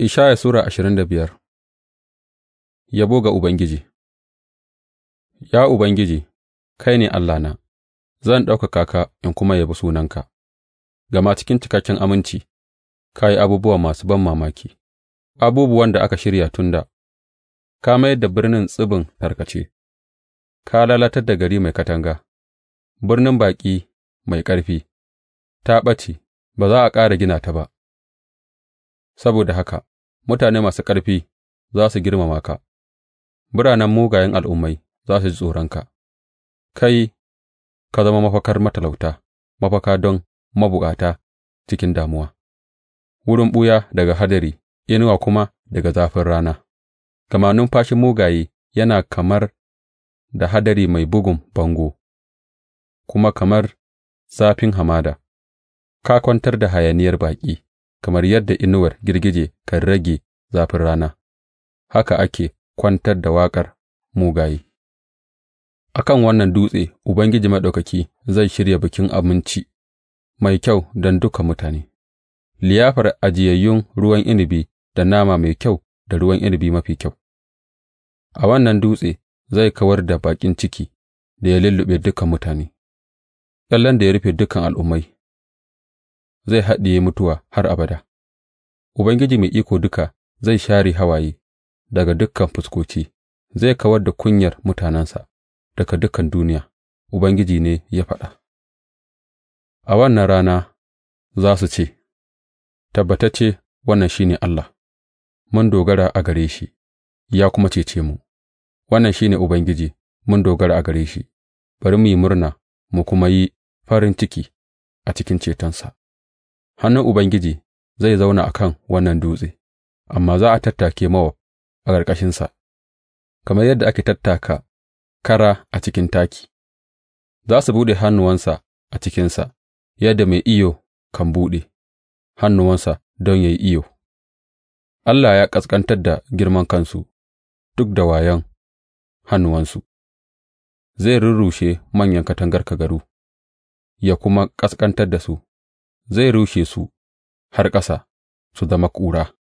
Ishaya Sura ashirin da biyar Yabo ga Ubangiji Ya Ubangiji, kai ne Allahna, zan ɗaukaka ka in kuma yabi sunanka, gama cikin cikakken aminci ka yi abubuwa masu ban mamaki. abubuwan da aka shirya tun da, ka mayar da birnin tsibin tarkace, ka lalatar da gari mai katanga, birnin baƙi mai ƙarfi, ta ɓace, ba za a ƙara gina ta ba. Saboda haka mutane masu ƙarfi za su girmama ka, biranen mugayen al'ummai za su ji tsoronka; kai ka zama mafakar matalauta, mafaka don mabukata cikin damuwa, wurin ɓuya daga hadari, inuwa kuma daga zafin rana, gama numfashin mugaye yana kamar da hadari mai bugun bango, kuma kamar zafin hamada; ka kwantar da hayaniyar baƙi. kamar yadda inuwar girgije kan rage zafin rana, haka ake kwantar da waƙar mugaye. A kan wannan dutse Ubangiji Maɗaukaki zai shirya bikin abinci mai kyau don dukan mutane, liyafar ajiyayyun ruwan inibi da nama mai kyau da ruwan inibi mafi kyau. A wannan dutse zai kawar da baƙin ciki da ya lulluɓe dukan mutane, ƙyallen da ya rufe dukan al'ummai. zai haɗiye mutuwa har abada, Ubangiji Mai Iko Duka zai share hawaye daga dukan fuskoci zai kawar da kunyar mutanensa daga dukan duniya, Ubangiji ne ya faɗa. A wannan rana za su ce, Tabbatacce wannan shi ne Allah, mun dogara a gare shi, ya kuma cece mu, wannan shi ne Ubangiji, mun dogara a gare shi, bari mu yi murna mu kuma yi farin ciki a cikin cetonsa. Hannun Ubangiji zai zauna a kan wannan dutse, amma za a tattake Mowab a ƙarƙashinsa kamar yadda ake tattaka kara a cikin taki; za su buɗe hannuwansa a cikinsa yadda mai iyo kan buɗe hannuwansa don ya yi iyo. Allah ya ƙasƙantar da girman kansu duk da wayan hannuwansu; zai rurrushe manyan katangar kagaru ya kuma ƙasƙantar da su. zai rushe su har ƙasa su zama ƙura.